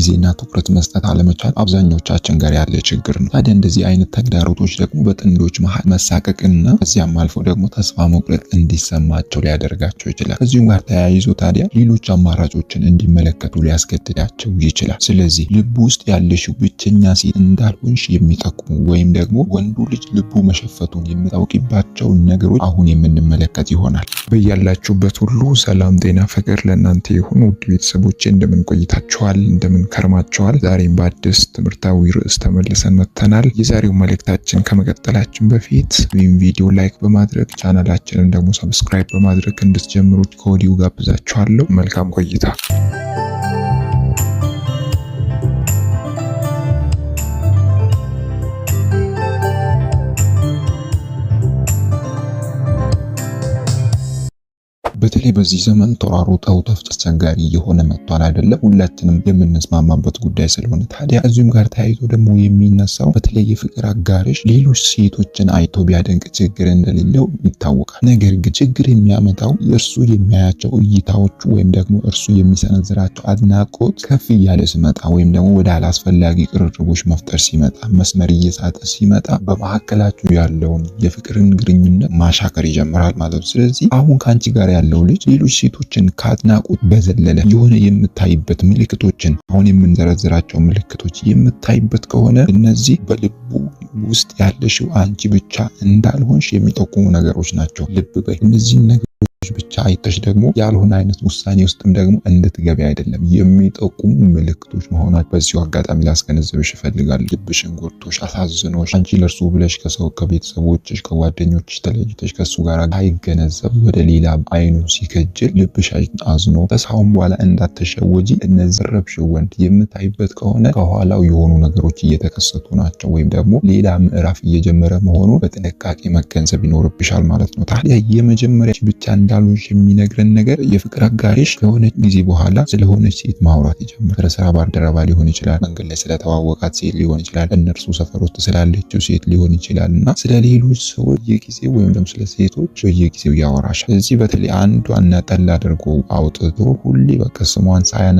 ጊዜና ትኩረት መስጠት አለመቻል አብዛኞቻችን ጋር ያለ ችግር ነው። ታዲያ እንደዚህ አይነት ተግዳሮቶች ደግሞ በጥንዶች መሀል መሳቀቅና ከዚያም አልፎ ደግሞ ተስፋ መቁረጥ እንዲሰማቸው ሊያደርጋቸው ይችላል። ከዚሁም ጋር ተያይዞ ታዲያ ሌሎች አማራጮችን እንዲመለከቱ ሊያስገድዳቸው ይችላል። ስለዚህ ልቡ ውስጥ ያለሽው ብቸኛ ሴት እንዳልሆንሽ የሚጠቁሙ ወይም ደግሞ ወንዱ ልጅ ልቡ መሸፈቱን የምታውቂባቸው ነገሮች አሁን የምንመለከት ይሆናል። በያላችሁበት ሁሉ ሰላም፣ ጤና፣ ፍቅር ለእናንተ ይሁን። ውድ ቤተሰቦቼ እንደምን ቆይታችኋል? እንደምን ከርማቸዋል። ዛሬም በአዲስ ትምህርታዊ ርዕስ ተመልሰን መጥተናል። የዛሬው መልእክታችን ከመቀጠላችን በፊት ወይም ቪዲዮ ላይክ በማድረግ ቻናላችንን ደግሞ ሰብስክራይብ በማድረግ እንድትጀምሩት ከወዲሁ ጋብዛችኋለሁ። መልካም ቆይታ በተለይ በዚህ ዘመን ተሯሩጠው ተፍት አስቸጋሪ እየሆነ መጥቷል አይደለም? ሁላችንም የምንስማማበት ጉዳይ ስለሆነ ታዲያ እዚሁም ጋር ተያይዞ ደግሞ የሚነሳው በተለይ የፍቅር አጋርሽ ሌሎች ሴቶችን አይቶ ቢያደንቅ ችግር እንደሌለው ይታወቃል። ነገር ግን ችግር የሚያመጣው እርሱ የሚያያቸው እይታዎች ወይም ደግሞ እርሱ የሚሰነዝራቸው አድናቆት ከፍ እያለ ሲመጣ ወይም ደግሞ ወደ አላስፈላጊ ቅርርቦች መፍጠር ሲመጣ፣ መስመር እየሳተ ሲመጣ በመካከላችሁ ያለውን የፍቅርን ግንኙነት ማሻከር ይጀምራል ማለት ነው። ስለዚህ አሁን ከአንቺ ጋር ያለው የሰው ልጅ ሌሎች ሴቶችን ከአድናቆት በዘለለ የሆነ የምታይበት ምልክቶችን አሁን የምንዘረዝራቸው ምልክቶች የምታይበት ከሆነ እነዚህ በልቡ ውስጥ ያለሽው አንቺ ብቻ እንዳልሆንሽ የሚጠቁሙ ነገሮች ናቸው። ልብ በይ እነዚህን ሰዎች ብቻ አይተሽ ደግሞ ያልሆነ አይነት ውሳኔ ውስጥም ደግሞ እንድትገቢ አይደለም የሚጠቁሙ ምልክቶች መሆናቸው በዚሁ አጋጣሚ ላስገነዘብሽ ይፈልጋል። ልብሽን ጎድቶሽ አሳዝኖሽ አንቺ ለእርሱ ብለሽ ከሰው ከቤተሰቦችሽ ከጓደኞችሽ ተለይተሽ ከእሱ ጋር አይገነዘብ ወደ ሌላ አይኑ ሲከጅል ልብሽ አዝኖ ከሳሁን በኋላ እንዳትሸወጂ። እነዚህ ረብሽ ወንድ የምታይበት ከሆነ ከኋላው የሆኑ ነገሮች እየተከሰቱ ናቸው ወይም ደግሞ ሌላ ምዕራፍ እየጀመረ መሆኑን በጥንቃቄ መገንዘብ ይኖርብሻል ማለት ነው። ታዲያ የመጀመሪያ ብቻ እንዳሉሽ የሚነግረን ነገር የፍቅር አጋሪሽ ከሆነ ጊዜ በኋላ ስለሆነች ሴት ማውራት ይጀምራል። ከስራ ባልደረባ ሊሆን ይችላል፣ መንገድ ላይ ስለተዋወቃት ሴት ሊሆን ይችላል፣ እነርሱ ሰፈር ውስጥ ስላለችው ሴት ሊሆን ይችላል እና ስለ ሌሎች ሰዎች በየጊዜው ወይም ደግሞ ስለ ሴቶች በየጊዜው ያወራሻል። እዚህ በተለይ አንዷን ነጠል አድርጎ አውጥቶ ሁሌ በቃ ስሟን ሳያነ